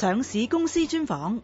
上市公司專訪。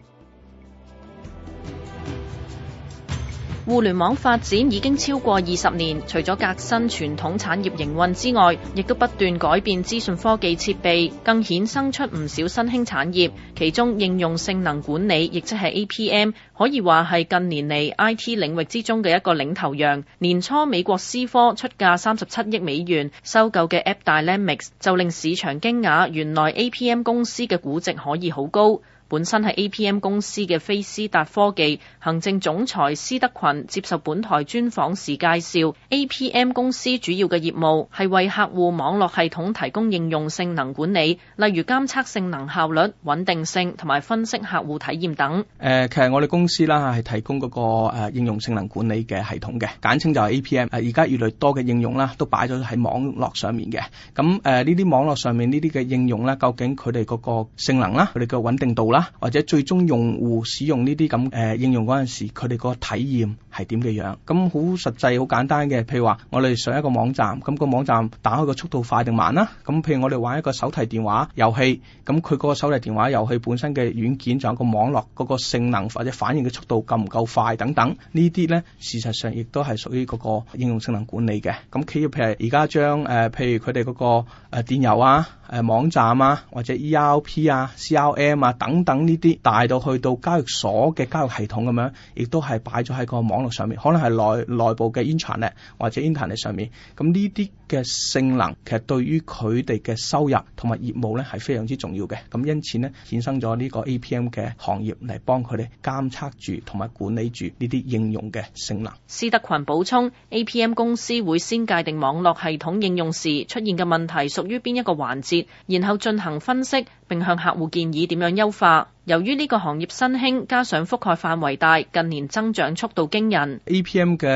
互聯網發展已經超過二十年，除咗革新傳統產業營運之外，亦都不斷改變資訊科技設備，更衍生出唔少新興產業。其中應用性能管理，亦即係 APM，可以話係近年嚟 IT 領域之中嘅一個領頭羊。年初美國思科出價三十七億美元收購嘅 AppDynamics，就令市場驚訝，原來 APM 公司嘅估值可以好高。本身係 A P M 公司嘅飛思達科技行政總裁施德群接受本台專訪時介紹，A P M 公司主要嘅業務係為客戶網絡系統提供應用性能管理，例如監測性能效率、穩定性同埋分析客戶體驗等。誒，其實我哋公司啦係提供嗰個誒應用性能管理嘅系統嘅，簡稱就係 A P M。而家越嚟越多嘅應用啦，都擺咗喺網絡上面嘅。咁誒呢啲網絡上面呢啲嘅應用啦，究竟佢哋嗰個性能啦，佢哋嘅穩定度啦。或者最終用戶使用呢啲咁誒應用嗰陣時候，佢哋個體驗，係點嘅樣？咁好實際、好簡單嘅。譬如話，我哋上一個網站，咁個網站打開個速度快定慢啦。咁譬如我哋玩一個手提電話遊戲，咁佢嗰個手提電話遊戲本身嘅軟件，仲有個網絡嗰個性能或者反應嘅速度夠唔夠快等等，這些呢啲呢事實上亦都係屬於嗰個應用性能管理嘅。咁企業譬如而家將誒譬如佢哋嗰個誒電郵啊、誒、呃、網站啊或者 ERP 啊、CRM 啊等等呢啲帶到去到交易所嘅交易系統咁樣，亦都係擺咗喺個網。上面可能係內內部嘅 intranet 或者 internet 上面，咁呢啲嘅性能其實對於佢哋嘅收入同埋業務咧，係非常之重要嘅，咁因此咧，衍生咗呢個 APM 嘅行業嚟幫佢哋監測住同埋管理住呢啲應用嘅性能。施德群補充：APM 公司會先界定網絡系統應用時出現嘅問題屬於邊一個環節，然後進行分析，並向客戶建議點樣優化。由於呢個行業新興，加上覆蓋範圍大，近年增長速度驚人。APM 嘅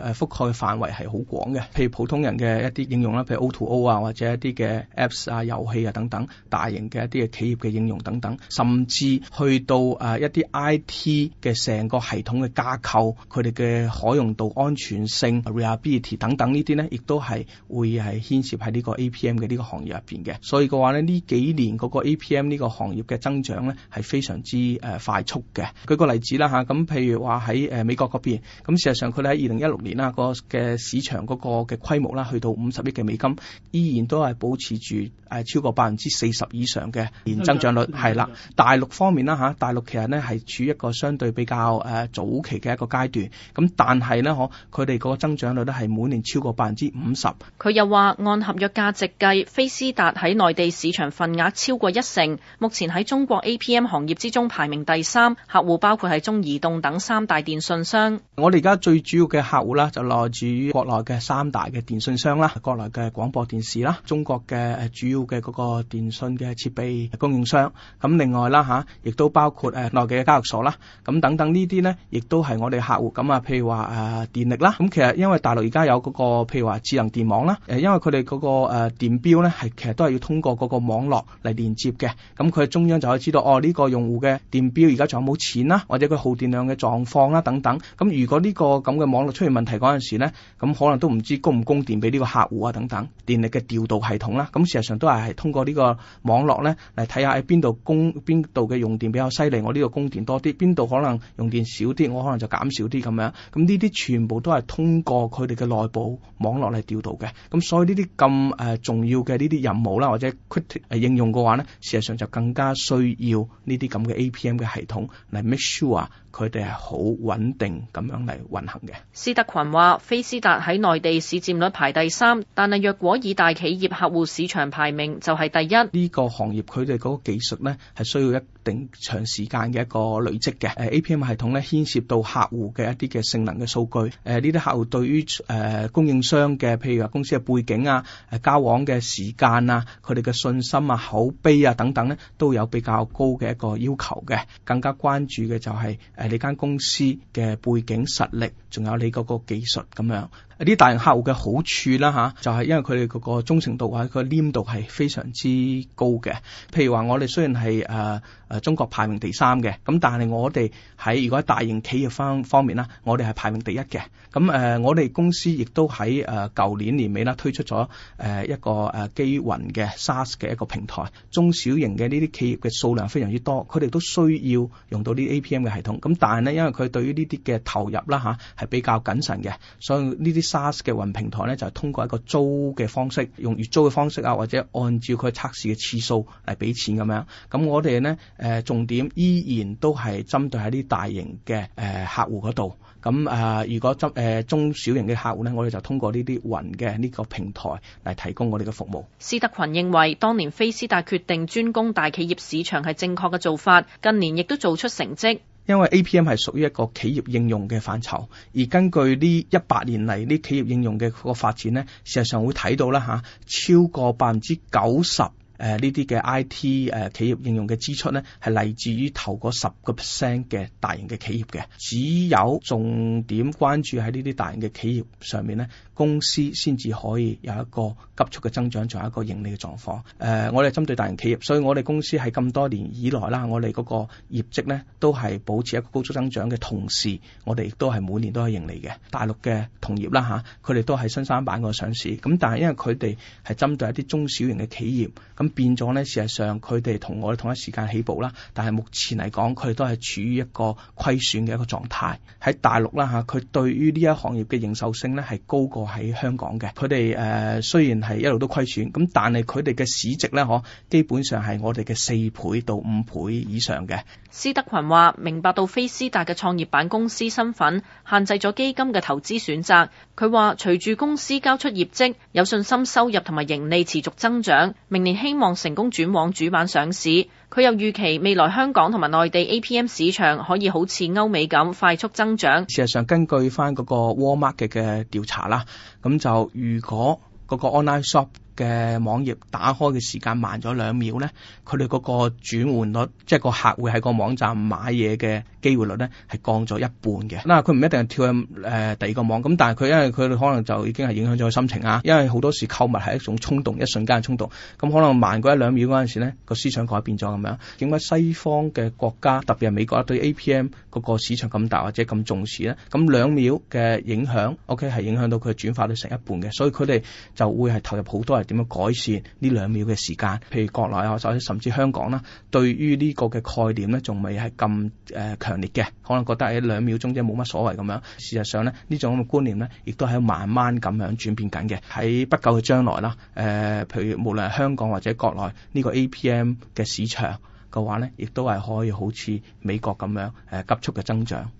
誒覆蓋範圍係好廣嘅，譬如普通人嘅一啲應用啦，譬如 O2O 啊，或者一啲嘅 apps 啊、遊戲啊等等，大型嘅一啲嘅企業嘅應用等等，甚至去到誒一啲 IT 嘅成個系統嘅架構，佢哋嘅可用度、安全性、reliability 等等呢啲咧，亦都係會係牽涉喺呢個 APM 嘅呢個行業入邊嘅。所以嘅話咧，呢幾年嗰個 APM 呢個行業嘅增長咧係非常之誒快速嘅，舉個例子啦吓，咁譬如話喺誒美國嗰邊，咁事實上佢哋喺二零一六年啦個嘅市場嗰個嘅規模啦，去到五十億嘅美金，依然都係保持住誒超過百分之四十以上嘅年增長率，係啦。大陸方面啦吓，大陸其實咧係處於一個相對比較誒早期嘅一個階段，咁但係呢，可佢哋嗰個增長率咧係每年超過百分之五十。佢又話按合約價值計，飛思達喺內地市場份額超過一成，目前喺中國 APM 行。業之中排名第三，客戶包括係中移動等三大電信商。我哋而家最主要嘅客戶啦，就來自於國內嘅三大嘅電信商啦，國內嘅廣播電視啦，中國嘅誒主要嘅嗰個電信嘅設備供應商。咁另外啦吓，亦都包括誒內地嘅交易所啦，咁等等呢啲呢，亦都係我哋客戶。咁啊，譬如話誒電力啦，咁其實因為大陸而家有嗰個譬如話智能電網啦，誒因為佢哋嗰個誒電錶呢係其實都係要通過嗰個網絡嚟連接嘅，咁佢中央就可以知道哦呢個。用戶嘅電錶而家仲有冇錢啦、啊，或者佢耗電量嘅狀況啦、啊、等等。咁如果呢、呢個咁嘅網絡出現問題嗰陣時咧，咁可能都唔知供唔供電俾呢個客戶啊等等。電力嘅調度系統啦，咁事實上都係係通過呢個網絡咧嚟睇下喺邊度供邊度嘅用電比較犀利，我呢個供電多啲，邊度可能用電少啲，我可能就減少啲咁樣。咁呢啲全部都係通過佢哋嘅內部網絡嚟調度嘅。咁所以呢啲咁誒重要嘅呢啲任務啦，或者誒應用嘅話咧，事實上就更加需要呢。啲咁嘅 APM 嘅系統嚟 make sure 啊，佢哋係好穩定咁樣嚟運行嘅。施德群話飛思達喺內地市占率排第三，但係若果以大企業客戶市場排名就係第一。呢個行業佢哋嗰個技術咧係需要一定長時間嘅一個累積嘅。誒 APM 系統咧牽涉到客戶嘅一啲嘅性能嘅數據，誒呢啲客戶對於誒、呃、供應商嘅譬如話公司嘅背景啊、誒、啊、交往嘅時間啊、佢哋嘅信心啊、口碑啊等等咧，都有比較高嘅一個。要求嘅，更加關注嘅就係、是、誒，你間公司嘅背景實力，仲有你嗰個技術咁樣。啲大型客戶嘅好處啦嚇，就係因為佢哋嗰個忠誠度或者，個黏度係非常之高嘅。譬如話，我哋雖然係誒誒中國排名第三嘅，咁但係我哋喺如果喺大型企業方方面啦，我哋係排名第一嘅。咁誒，我哋公司亦都喺誒舊年年尾啦推出咗誒一個誒基雲嘅 SaaS 嘅一個平台。中小型嘅呢啲企業嘅數量非常之多，佢哋都需要用到呢 APM 嘅系統。咁但係呢，因為佢對於呢啲嘅投入啦嚇係比較謹慎嘅，所以呢啲。SaaS 嘅雲平台咧，就係通過一個租嘅方式，用月租嘅方式啊，或者按照佢測試嘅次數嚟俾錢咁樣。咁我哋呢誒重點依然都係針對喺啲大型嘅誒客戶嗰度。咁誒，如果執誒中小型嘅客戶咧，我哋就通過呢啲雲嘅呢個平台嚟提供我哋嘅服務。施德群認為，當年飛思達決定專攻大企業市場係正確嘅做法，近年亦都做出成績。因為 apm 是屬於一個企業應用的範疇，而根據這一百年來的企業應用的發展呢，事實上會看到了哈超過百分之九十誒呢啲嘅 I.T. 誒、呃、企業應用嘅支出呢，係嚟自於頭嗰十個 percent 嘅大型嘅企業嘅，只有重點關注喺呢啲大型嘅企業上面呢，公司先至可以有一個急速嘅增長，仲有一個盈利嘅狀況。誒、呃，我哋針對大型企業，所以我哋公司喺咁多年以來啦，我哋嗰個業績咧都係保持一個高速增長嘅同時，我哋亦都係每年都可以盈利嘅。大陸嘅同業啦嚇，佢、啊、哋都係新三板個上市，咁但係因為佢哋係針對一啲中小型嘅企業，咁。變咗呢，事實上佢哋同我哋同一時間起步啦，但係目前嚟講，佢都係處於一個虧損嘅一個狀態。喺大陸啦吓，佢對於呢一行業嘅認受性呢係高過喺香港嘅。佢哋誒雖然係一路都虧損，咁但係佢哋嘅市值呢，嗬，基本上係我哋嘅四倍到五倍以上嘅。施德群話：明白到飛思達嘅創業板公司身份，限制咗基金嘅投資選擇。佢話隨住公司交出業績，有信心收入同埋盈利持續增長，明年輕。希望成功轉往主板上市，佢又預期未來香港同埋內地 APM 市場可以好似歐美咁快速增長。事實上，根據翻嗰個 Walmart 嘅調查啦，咁就如果嗰個 Online Shop 嘅網頁打開嘅時間慢咗兩秒咧，佢哋嗰個轉換率，即係個客戶喺個網站買嘢嘅機會率咧，係降咗一半嘅。嗱，佢唔一定係跳去誒第二個網，咁但係佢因為佢哋可能就已經係影響咗佢心情啊。因為好多時購物係一種衝動，一瞬間嘅衝動，咁可能慢過一兩秒嗰陣時咧，個思想改變咗咁樣。點解西方嘅國家特別係美國對 APM 嗰個市場咁大或者咁重視咧？咁兩秒嘅影響，OK 係影響到佢轉化到成一半嘅，所以佢哋就會係投入好多。點樣改善呢兩秒嘅時間？譬如國內啊，甚至香港啦，對於呢個嘅概念呢，仲未係咁誒強烈嘅，可能覺得喺兩秒鐘啫冇乜所謂咁樣。事實上呢，呢種觀念呢，亦都係慢慢咁樣轉變緊嘅。喺不久嘅將來啦，誒、呃，譬如無論係香港或者國內呢、這個 APM 嘅市場嘅話呢，亦都係可以好似美國咁樣誒、呃、急速嘅增長。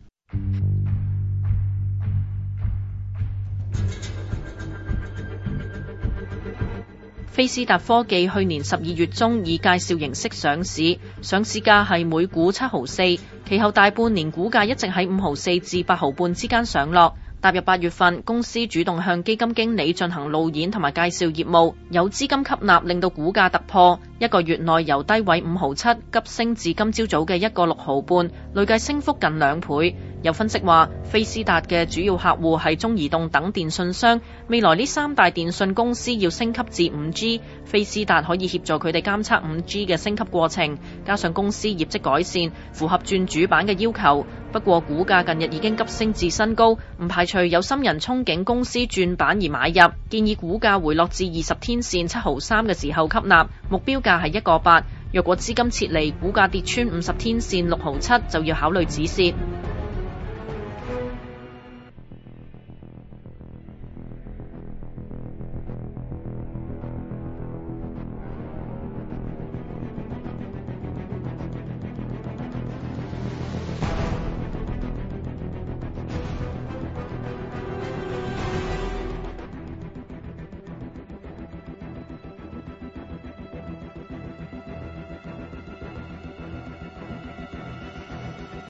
飛思達科技去年十二月中以介紹形式上市，上市價係每股七毫四，其後大半年股價一直喺五毫四至八毫半之間上落。踏入八月份，公司主動向基金經理進行路演同埋介紹業務，有資金吸納令到股價突破。一個月內由低位五毫七急升至今朝早嘅一個六毫半，累計升幅近兩倍。有分析話，飛思達嘅主要客戶係中移動等電信商，未來呢三大電信公司要升級至五 G，飛思達可以協助佢哋監測五 G 嘅升級過程。加上公司業績改善，符合轉主板嘅要求。不過股價近日已經急升至新高，唔排除有心人憧憬公司轉板而買入。建議股價回落至二十天線七毫三嘅時候吸納，目標價係一個八。若果資金撤離，股價跌穿五十天線六毫七，就要考慮止蝕。